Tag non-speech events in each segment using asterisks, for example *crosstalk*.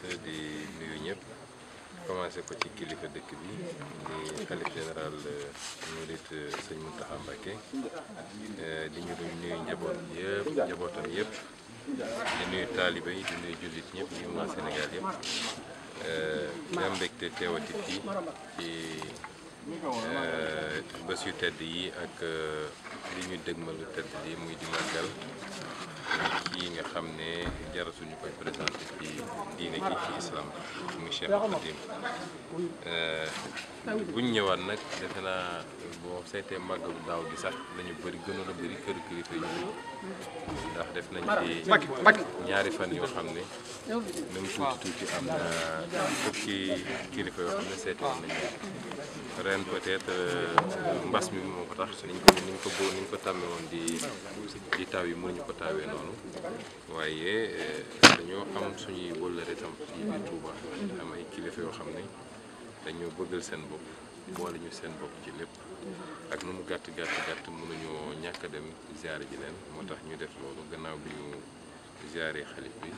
sant di nuyu ñëpp commencé ko ci kilifa dëkk bi di xalif général euh, murit euh, sëñ Mountakha Mbacké euh, di ñu nuyu njaboot yëpp njabootam yëpp di nuyu taalibe yi di nuyu jullit ñëpp ñu waa Sénégal yëpp di am mbégte teewati ci bés yu tedd yi ak li ñuy dëgmalu tedd yi muy di màggal yi nga xam ne jarasuñu koy présenté ci diine gi ci islam muy Cheikh Khadim euh, buñ ñëwaat nag defe naa boo seetee màggalu daaw gi sax lañu bëri gënoon a bëri kilifa yi ndax def nañ ci ñaari fan yoo xam ne même tuuti tuuti am na fukki kilifa yoo xam ne seetoon nañu ren peut-être euh, mbas mi moo ko tax niñ ko niñ ko boo ko tàmmee woon di taw yi mënuñu ko taawee noonu waaye eh, dañoo am suñuy wëllëre tam ci biir Touba am ay kilifa yoo xam ne dañoo bëggal seen bopp boole ñu seen bopp ci lépp ak nu mu gàtt gàtt gàtt mënuñoo ñàkk dem ziare ji leen moo tax ñu def loolu gannaaw bi ñu ziare xalif bi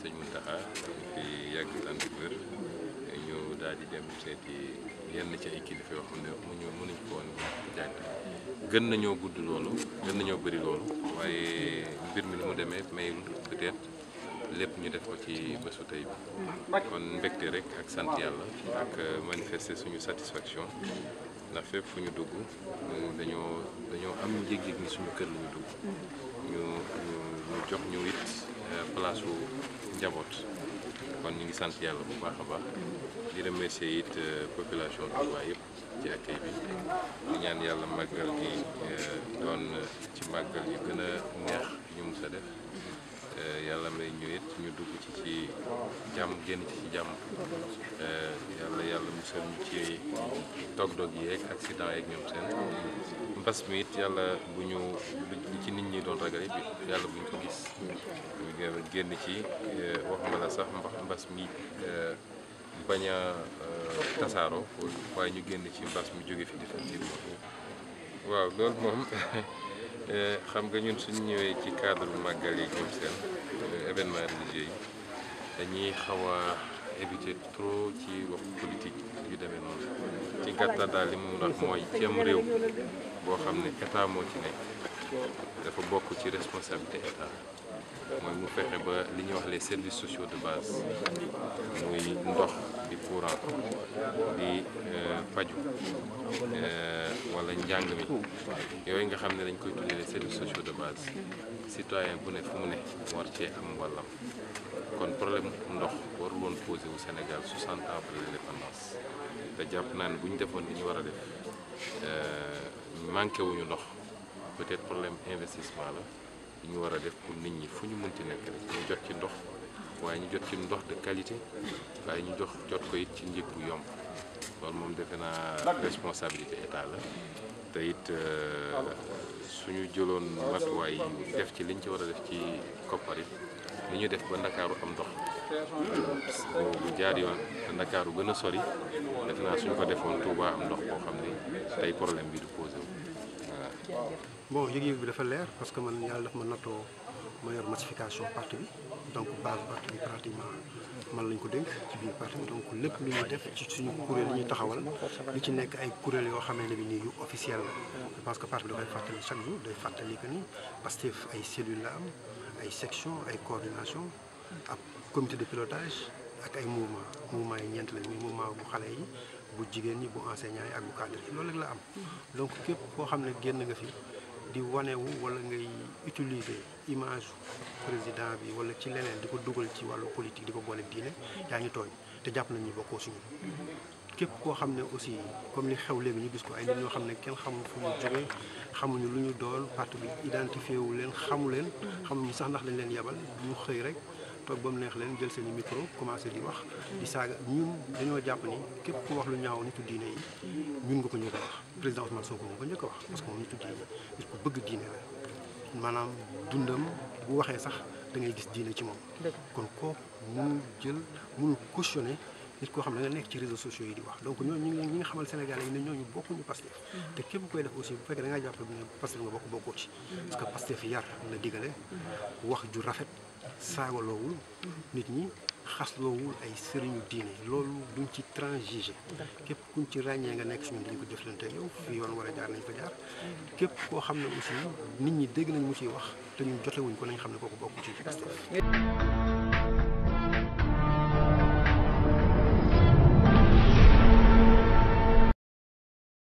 sëñ Mountakha fi yàgg ànd ñu daal di dem seeti yenn ci ay kilifa yoo xam ne mënuñu mënuñu ko woon jàng gën nañoo gudd loolu gën nañoo bëri loolu waaye mbir mi ni mu demee may peut lépp ñu def ko ci bésu tey bi kon mbégte rek ak sant yàlla ak manifester suñu satisfaction ndax fépp fu ñu dugg dañoo dañoo am njëg-njëg ni suñu kër la dugg ñu jox ñu it euh, place njaboot kon ñu ngi sant yàlla bu baax a baax di remercier it euh, population Touba yëpp ci accueil bi di ñaan yàlla màggal gi euh, doon euh, ci màggal yu gën a neex ñu musa a def Euh, yàlla may ñu it ñu dugg ci ci jàmm génn ci ci jàmm euh, yàlla yàlla musal ñu ci dog-dog yeeg accident yeeg ñoom seen mbas mi it yàlla bu ñu ci nit ñi doon ragal bi yàlla bu ñu ko gis génn ci euh, waxuma la sax mbax mbas mi bañ a tasaaroo waaye ñu génn ci mbas mi jóge fi defal waaw loolu moom *laughs* Eh, xam nga ñu suñu ñëwee ci cadre màggal yi ñoom seen eh, événement religieux yi dañuy xaw a trop ci wax politique yu demee noonu ci gàttal daal li mu wax mooy ceem réew boo xam ne état moo ci nekk dafa bokk ci responsabilité état mooy mu fexe ba li ñuy wax les service sociaux de base muy ndox di courant di paju eh, eh, wala njàng mi yooyu nga xam ne dañ koy tuddee les services sociaux de base citoyen bu ne fu mu ne war cee am wàllam kon problème ndox warul woon posé wu Sénégal 60 ans après l'indépendance te jàpp naa ne bu ñu defoon li ñu war a def eh, manqué wuñu ndox peut-être problème investissement la li ñu war a def pour nit ñi fu ñu munti nekk rek ñu jot ci ndox waaye ñu jot ci ndox de qualité waaye ñu jox jot ko it ci njëg bu yomb loolu moom defe naa responsabilité état la te it euh, suñu jëloon matuwaay yi def ci liñ ci war a def ci koppar it li ñu def ba ndakaaru am ndox bu jaar yoon ndakaaru gën a sori defe naa suñ ko defoon Touba am ndox boo xam ne tey problème bi du posé wu bon yëg-yëg bi dafa leer parce que man yàlla daf ma nattoo ma yor massification bi donc base ba bi pratiquement man lañ ko dénk ci biir parti donc lépp lu ñuy def ci suñu kuréel yi ñuy taxawal lu ci nekk ay kuréel yoo xamee ne bi nii yu officiel la que parti bi da koy fàttali chaque jour day fàttali que ni Pastef ay cellules la am ay section ay coordination ak comité de pilotage ak ay mouvement mouvement yi ñeent la muy bu xale yi bu jigéen ñi bu enseignant yi ak bu cadre yi loolu rek la am donc képp koo xam ne génn nga fi di wanewu wala ngay utiliser image président bi wala ci leneen di ko dugal ci wàllu politique di ko boole diine yaa ngi tooñ te jàpp nañ ñu bokkoo suñu képp koo xam ne aussi comme li xew léegi ñu gis ko ay nit ñoo xam ne kenn xamul fu ñu jógee xamuñu lu ñu doon parti bi identifié wu leen xamu leen xamuñu sax ndax dañ leen yebal ñu xëy rek ñëpp ak ba mu neex leen jël seen micro commencé di wax di saaga ñun dañoo jàpp ni képp ku wax lu ñaaw nitu diine yi ñun nga ko njëkk a wax président Ousmane Sonko nga ko njëkk a wax parce que moom nitu diine nit ku koo xam ne da nekk ci réseaux sociaux yi di wax donc ñooñu ñu ngi ñi nga xamal Sénégalais yi ne ñooñu bokkuñu Pastef mmh. te képp ku koy def aussi bu fekkee da jàpp ne Pastef nga bokk bokkoo ci mmh. parce que Pastef yar la digale mmh. wax ju rafet saagaloowul nit ñi xasloowul ay sëriñu diine loolu duñ ci transiger képp kuñ ci ràññee nga nekk suñu dañu ko jëflante yow fi yoon war a jaar nañ ko jaar mm-hmm. képp koo xam ne aussi nit ñi dégg nañ mu ciy wax te ñu jotewuñ ko nañ xam ne kooku bokk ci Pastef